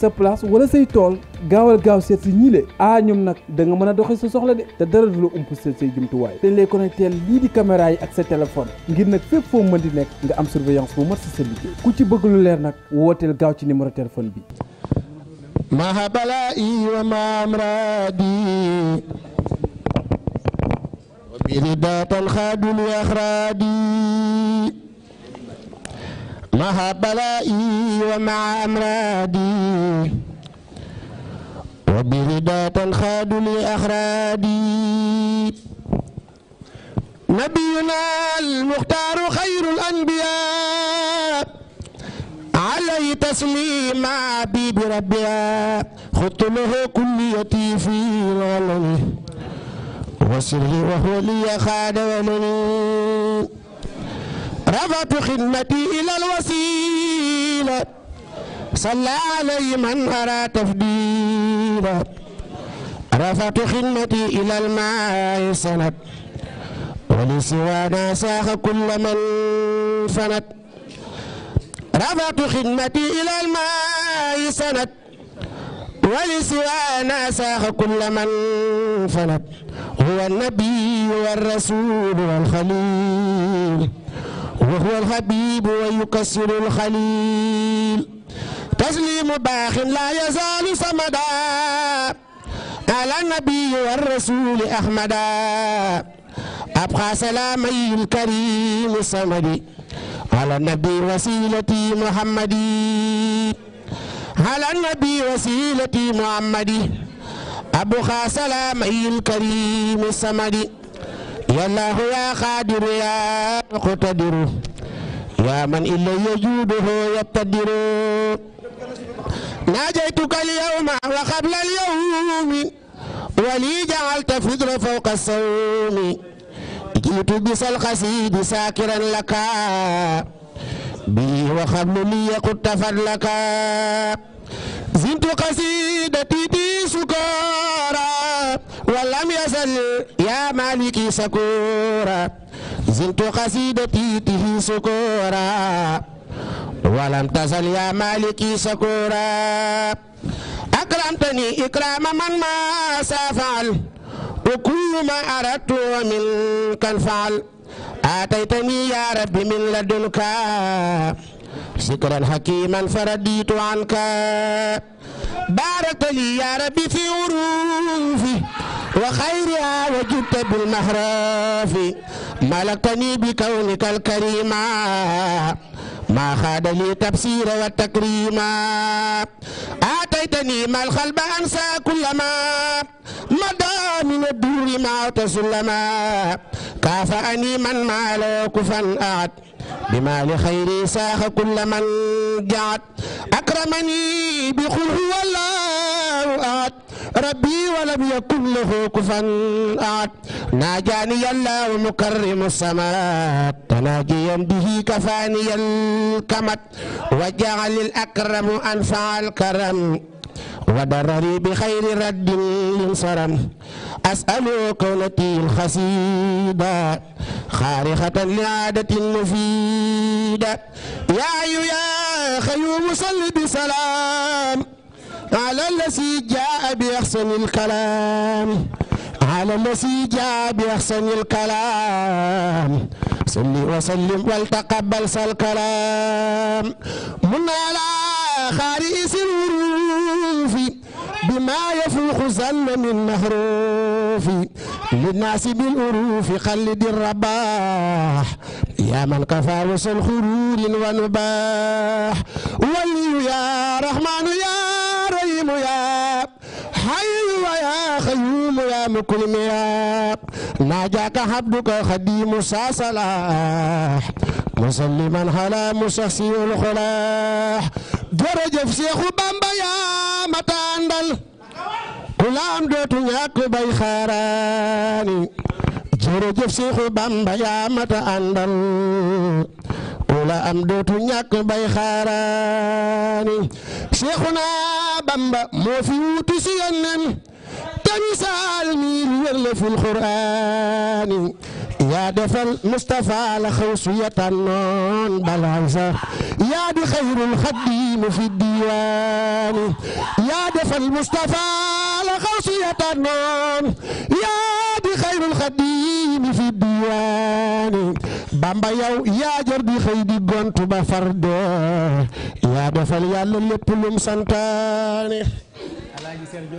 sa place wala say tool gaawal gaaw seet si ñiile ah nag da nga mën a doxee sa soxla de te dara du la ump seet say jumtuwaay te ñu lay connecté lii di caméra yi ak sa téléphone ngir nag fépp foo mën di nekk nga am surveillance bu mat si sa liggéey ku ci bëgg lu leer nag wooteel gaaw ci numéro téléphone bi ma amraadi wa bi ridaatan xaadul yaxraadi مع بلائي ومع أمرادي وبرضا تنخاد لأخرادي نبينا المختار خير الأنبياء عليه تسليم عبيد ربيا خط له كليتي في العلم وسري وهو لي خاد ولني رفعت خدمتي إلى الوسيلة صلى علي من أرى تفضيلا رفعت خدمتي إلى الماء صلت ولسوانا ساق كل من فنت رفعت خدمتي إلى الماء سنت ولسوانا ساق كل من فنت هو النبي والرسول والخليل وهو الحبيب ويكسر الخليل تسليم باخ لا يزال صمدا على النبي والرسول أحمدا أبقى سلامي الكريم الصمد على النبي وسيلتي محمدي على النبي وسيلتي محمدي أبقى سلامي الكريم الصمد yallaahu yaa xaadiru yaa muqtadiru yaa man illa yajuuduhu yabtadiru naajaytuka alyawma wa qabla alyawmi wa lii jacalta fidra fawqa sawmi jiitu bisal xasiidi saakiran laka bii wa qablu lii yaqutta fadlaka zintu xasiidati bi sukaara شكرا يا مالكي سكورا زلت قصيدتي به سكورا ولم تزل يا مالكي سكورا أكرمتني إكرام من ما سافعل وكل ما أردت ومنك الفعل آتيتني يا رب من لدنك ذكرا حكيما فرديت عنك بارك لي يا ربي في عروفي وخيرها وجدت بالمحراف ملكني بكونك الكريم ما خاد لي تبصير والتكريم آتيتني ما الخلب أنسى كلما مدى من الدور ما تسلما كافأني من ما له كفا أعد بما لخيري ساخ كل من جعت أكرمني بقل هو الله أحد ربي ولم يكن له كفا أحد ناجاني الله مكرم السماء تناجيا به كفاني الكمد وجعل الأكرم أنفع الكرم وضرري بخير رد لانصرم أسأل كونتي الخسيدة خارخة لعادة مفيدة يا أيها يا خيوم صل بسلام على الذي جاء بأحسن الكلام على الذي جاء بأحسن الكلام صل وسلم والتقبل الكلام من على خارئ الورود بما يفوق زل من مهروف للناس بالأروف خلد الرباح يا من كفى وصل خرور ونباح ولي يا رحمن يا رحيم يا حي ويا خيوم يا مكرم يا ناجاك عبدك خديم صلاح مسلما على مسخسي الخلاح جرجف شيخ بامبا يا mata àndal ku la am dootu ñàkk bay xaaraani jërëjëf Seexu Bamba yaa mata àndal ku am dootu ñàkk bay xaaraani Seexuna Bamba moo fi wuutu si yónneen te misaal mi wér la fil yaa defal Moustapha la xawsu ya tànnoon balansa yaa di xayrul xaddiim fi diiwaani yaa defal Moustapha la xawsu ya tànnoon yaa di xayrul xaddiim fi diiwaani Bamba yow yaa jar di xëy di gontu ba farde yaa defal yàlla lépp lum Serjo